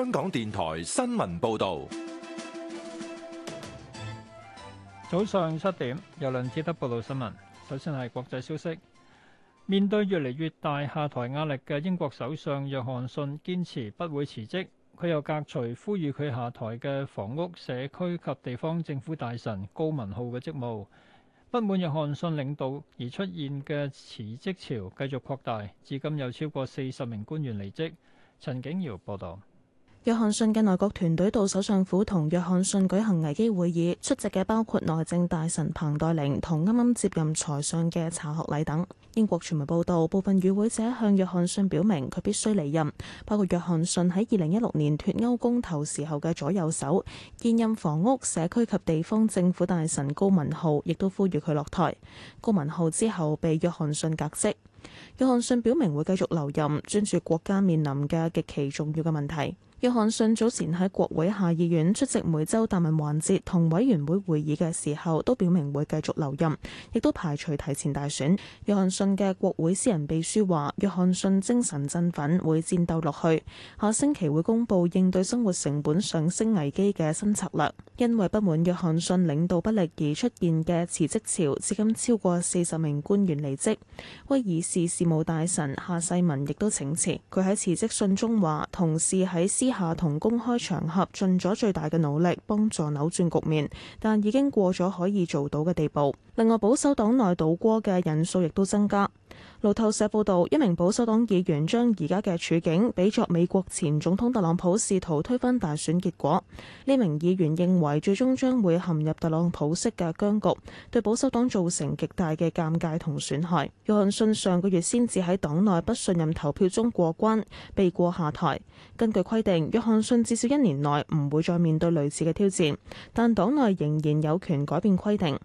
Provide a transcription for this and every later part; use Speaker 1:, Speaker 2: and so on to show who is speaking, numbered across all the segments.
Speaker 1: 香港電台新聞報道，早上七點由梁志德報道新聞。首先係國際消息，面對越嚟越大下台壓力嘅英國首相約翰遜，堅持不會辭職。佢又革除呼籲佢下台嘅房屋、社區及地方政府大臣高文浩嘅職務。不滿約翰遜領導而出現嘅辭職潮繼續擴大，至今有超過四十名官員離職。陳景堯報道。
Speaker 2: 約翰遜嘅內閣團隊到首相府同約翰遜舉行危機會議，出席嘅包括內政大臣彭黛玲同啱啱接任財相嘅查學禮等。英國傳媒報道，部分與會者向約翰遜表明佢必須離任，包括約翰遜喺二零一六年脫歐公投時候嘅左右手、現任房屋、社區及地方政府大臣高文浩，亦都呼籲佢落台。高文浩之後被約翰遜革職。約翰遜表明會繼續留任，專注國家面臨嘅極其重要嘅問題。約翰遜早前喺國會下議院出席每周答問環節同委員會會議嘅時候，都表明會繼續留任，亦都排除提前大選。約翰遜嘅國會私人秘書話約翰遜精神振奮會戰鬥落去。下星期會公佈應對生活成本上升危機嘅新策略。因為不滿約翰遜領,領導不力而出現嘅辭職潮，至今超過四十名官員離職。威爾士事務大臣夏世文亦都請辭，佢喺辭職信中話同事喺私下同公開場合盡咗最大嘅努力幫助扭轉局面，但已經過咗可以做到嘅地步。另外，保守黨內倒戈嘅人數亦都增加。路透社報道，一名保守黨議員將而家嘅處境比作美國前總統特朗普試圖推翻大選結果。呢名議員認為，最終將會陷入特朗普式嘅僵局，對保守黨造成極大嘅尷尬同損害。約翰遜上個月先至喺黨內不信任投票中過關，避過下台。根據規定，約翰遜至少一年內唔會再面對類似嘅挑戰，但黨內仍然有權改變規定。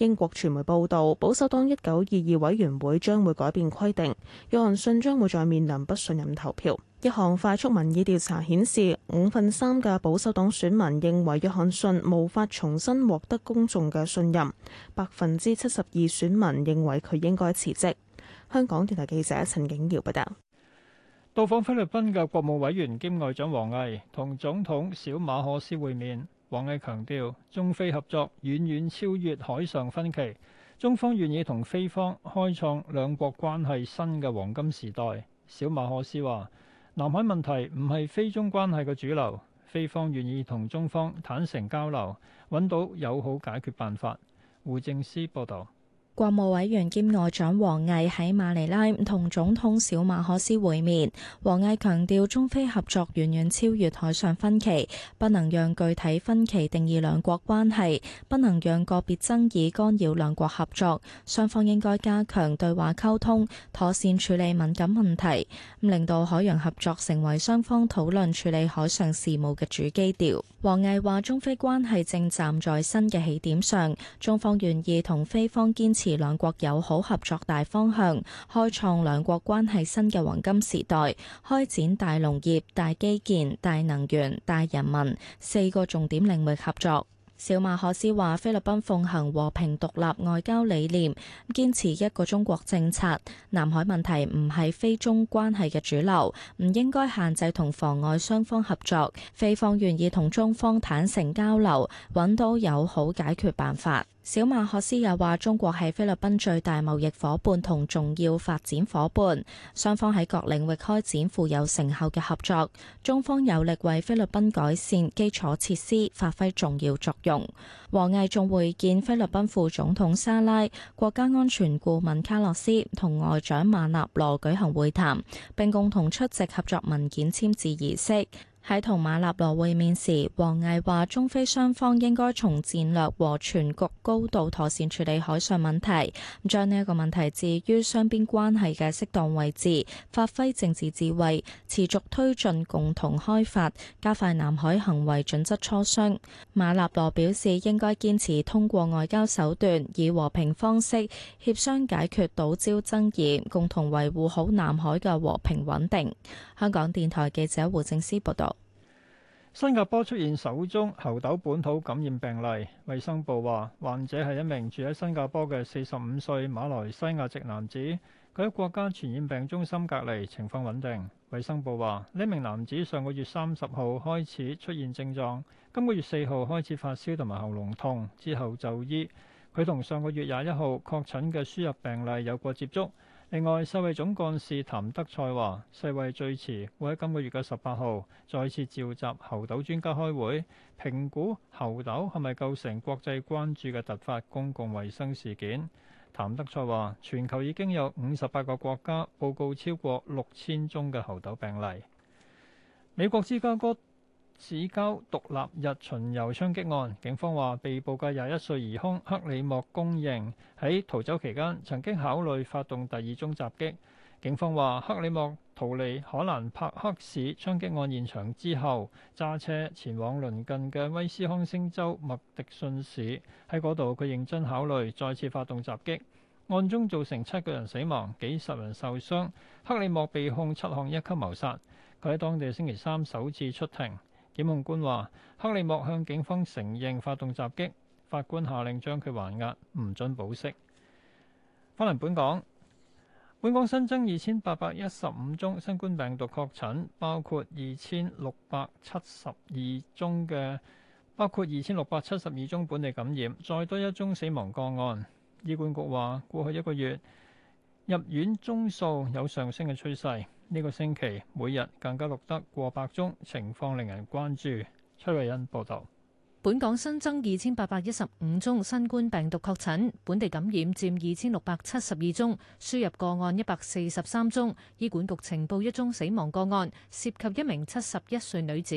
Speaker 2: 英國傳媒報道，保守黨一九二二委員會將會改變規定，約翰遜將會再面臨不信任投票。一項快速民意調查顯示，五分三嘅保守黨選民認為約翰遜無法重新獲得公眾嘅信任，百分之七十二選民認為佢應該辭職。香港電台記者陳景耀報道。
Speaker 1: 到訪菲律賓嘅國務委員兼外長王毅同總統小馬可斯會面。王毅強調，中菲合作遠遠超越海上分歧，中方願意同菲方開創兩國關係新嘅黃金時代。小馬可斯話：南海問題唔係菲中關係嘅主流，菲方願意同中方坦誠交流，揾到友好解決辦法。胡正思報道。
Speaker 3: 國務委員兼外長王毅喺馬尼拉同總統小馬可斯會面，王毅強調，中菲合作遠遠超越海上分歧，不能讓具體分歧定義兩國關係，不能讓個別爭議干擾兩國合作，雙方應該加強對話溝通，妥善處理敏感問題，令到海洋合作成為雙方討論處理海上事務嘅主基調。王毅話：中菲關係正站在新嘅起點上，中方願意同菲方堅持兩國友好合作大方向，開創兩國關係新嘅黃金時代，開展大農業、大基建、大能源、大人民四個重點領域合作。小馬可斯話：菲律賓奉行和平獨立外交理念，堅持一個中國政策。南海問題唔係菲中關係嘅主流，唔應該限制同妨礙雙方合作。菲方願意同中方坦誠交流，揾到友好解決辦法。小馬科斯又話：中國係菲律賓最大貿易伙伴同重要發展伙伴，雙方喺各領域開展富有成效嘅合作。中方有力為菲律賓改善基礎設施發揮重要作用。王毅仲會見菲律賓副總統沙拉、國家安全顧問卡洛斯同外長馬納羅舉行會談，並共同出席合作文件簽字儀式。喺同馬納羅會面時，王毅話：中菲雙方應該從戰略和全局高度妥善處理海上問題，咁將呢一個問題置於雙邊關係嘅適當位置，發揮政治智慧，持續推進共同開發，加快南海行為準則磋商。馬納羅表示，應該堅持通過外交手段，以和平方式協商解決島礁爭議，共同維護好南海嘅和平穩定。香港電台記者胡正思報道：
Speaker 1: 新加坡出現首宗猴痘本土感染病例，衛生部話，患者係一名住喺新加坡嘅四十五歲馬來西亞籍男子，佢喺國家傳染病中心隔離，情況穩定。衛生部話，呢名男子上個月三十號開始出現症狀，今個月四號開始發燒同埋喉嚨痛，之後就醫。佢同上個月廿一號確診嘅輸入病例有過接觸。另外，世衛總幹事譚德塞話，世衛最遲會喺今個月嘅十八號再次召集猴痘專家開會，評估猴痘係咪構成國際關注嘅突發公共衛生事件。譚德塞話，全球已經有五十八個國家報告超過六千宗嘅猴痘病例。美國芝加哥市郊獨立日巡遊槍擊案，警方話被捕嘅廿一歲疑兇克里莫供認喺逃走期間曾經考慮發動第二宗襲擊。警方話，克里莫逃離可蘭帕克市槍擊案現場之後，揸車前往鄰近嘅威斯康星州麥迪遜市。喺嗰度，佢認真考慮再次發動襲擊。案中造成七個人死亡、幾十人受傷。克里莫被控七項一級謀殺。佢喺當地星期三首次出庭。檢控官話，克里莫向警方承認發動襲擊，法官下令將佢還押，唔准保釋。翻嚟本港，本港新增二千八百一十五宗新冠病毒確診，包括二千六百七十二宗嘅，包括二千六百七十二宗本地感染，再多一宗死亡個案。醫管局話，過去一個月入院宗數有上升嘅趨勢。呢個星期每日更加錄得過百宗，情況令人關注。崔慧欣報導，
Speaker 4: 本港新增二千八百一十五宗新冠病毒確診，本地感染佔二千六百七十二宗，輸入個案一百四十三宗。醫管局呈報一宗死亡個案，涉及一名七十一歲女子。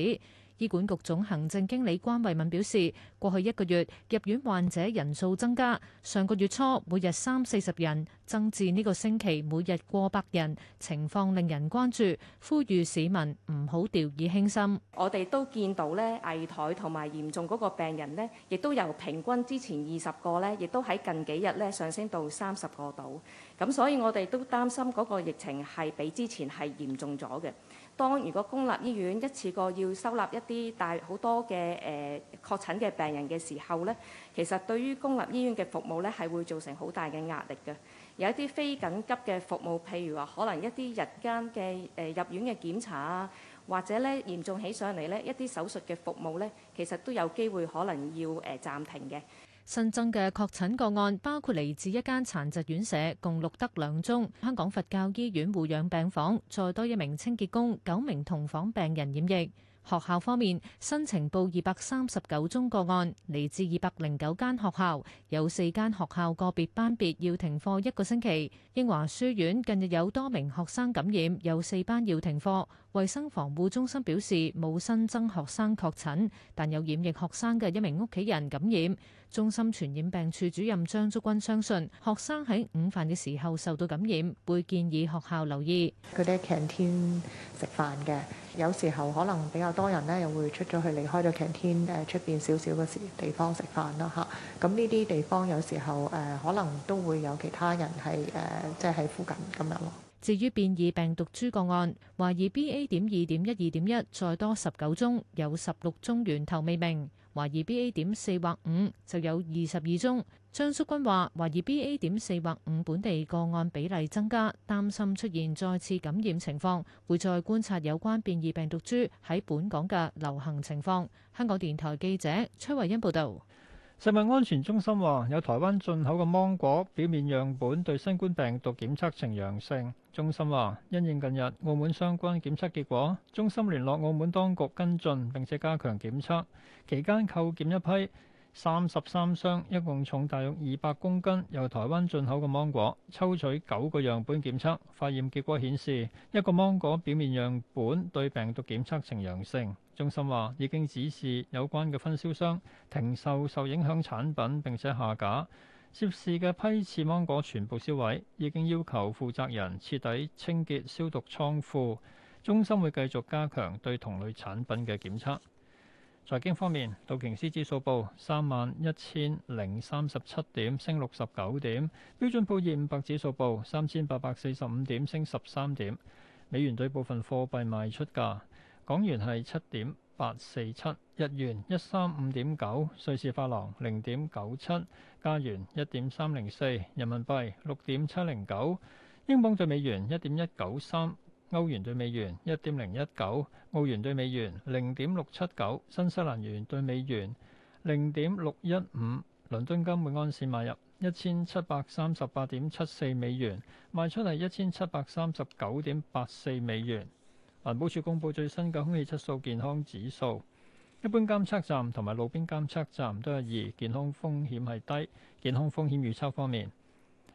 Speaker 4: 醫管局總行政經理關慧敏表示。過去一個月入院患者人數增加，上個月初每日三四十人，增至呢個星期每日過百人，情況令人關注，呼籲市民唔好掉以輕心。我哋都見到咧危殆同埋嚴重嗰個病人呢，亦都由平均之前二十個咧，亦都喺近幾日咧上升到三十個度。咁所以我哋都擔心嗰個疫情係比之前係嚴重咗嘅。當如果公立醫院一次過要收納一啲大好多嘅誒、呃、確診嘅病，人嘅時候咧，其實對於公立醫院嘅服務咧，係會造成好大嘅壓力嘅。有一啲非緊急嘅服務，譬如話可能一啲日間嘅誒入院嘅檢查啊，或者咧嚴重起上嚟咧，一啲手術嘅服務咧，其實都有機會可能要誒暫停嘅。新增嘅確診個案包括嚟自一間殘疾院舍，共錄得兩宗。香港佛教醫院護養病房再多一名清潔工，九名同房病人染疫。學校方面，申請報二百三十九宗個案，嚟自二百零九間學校，有四間學校個別班別要停課一個星期。英華書院近日有多名學生感染，有四班要停課。衛生防護中心表示，冇新增學生確診，但有染疫學生嘅一名屋企人感染。中心傳染病處主任張竹君相信學生喺午飯嘅時候受到感染，會建議學校留意。
Speaker 2: 佢哋喺 canteen 食飯嘅，有時候可能比較多人咧，又會出咗去離開咗 canteen 誒出邊少少嘅時地方食飯啦嚇。咁呢啲地方有時候誒、呃、可能都會有其他人係誒即係喺附近今日咯。嗯、
Speaker 4: 至於變異病毒株個案，懷疑 BA. 點二點一二點一再多十九宗，有十六宗源頭未明。懷疑 BA. 點四或五就有二十二宗。張淑君話：懷疑 BA. 點四或五本地個案比例增加，擔心出現再次感染情況，會再觀察有關變異病毒株喺本港嘅流行情況。香港電台記者崔慧欣報道。
Speaker 1: 食物安全中心話，有台灣進口嘅芒果表面樣本對新冠病毒檢測呈陽性。中心話，因應近日澳門相關檢測結果，中心聯絡澳門當局跟進並且加強檢測。期間扣檢一批三十三箱，一共重大約二百公斤由台灣進口嘅芒果，抽取九個樣本檢測，化驗結果顯示一個芒果表面樣本對病毒檢測呈陽性。中心話已經指示有關嘅分銷商停售受，受影響產品，並且下架涉事嘅批次芒果全部銷毀。已經要求負責人徹底清潔、消毒倉庫。中心會繼續加強對同類產品嘅檢測。財經方面，道瓊斯指數報三萬一千零三十七點，升六十九點；標準普爾五百指數報三千八百四十五點，升十三點。美元對部分貨幣賣出價。港元係七點八四七，47，日元一三五點九，瑞士法郎零點九七，加元一點三零四，人民幣六點七零九，英鎊對美元一點一九三，歐元對美元一點零一九，澳元對美元零點六七九，新西蘭元對美元零點六一五。倫敦金每安士買入一千七百三十八點七四美元，賣出係一千七百三十九點八四美元。環保署公布最新嘅空氣質素健康指數，一般監測站同埋路邊監測站都係二，健康風險係低。健康風險預測方面，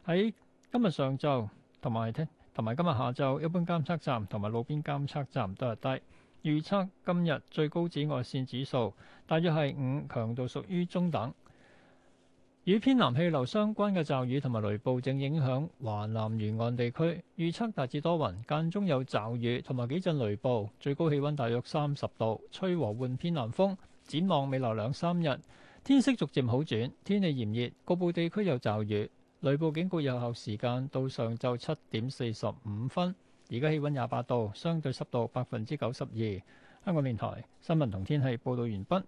Speaker 1: 喺今日上晝同埋聽同埋今日下晝，一般監測站同埋路邊監測站都係低。預測今日最高紫外線指數大約係五，強度屬於中等。與偏南氣流相關嘅驟雨同埋雷暴正影響華南沿岸地區，預測大致多雲，間中有驟雨同埋幾陣雷暴，最高氣温大約三十度，吹和緩偏南風，展望未來兩三日天色逐漸好轉，天氣炎熱，局部地區有驟雨，雷暴警告有效時間到上晝七點四十五分，而家氣温廿八度，相對濕度百分之九十二。香港電台新聞同天氣報道完畢。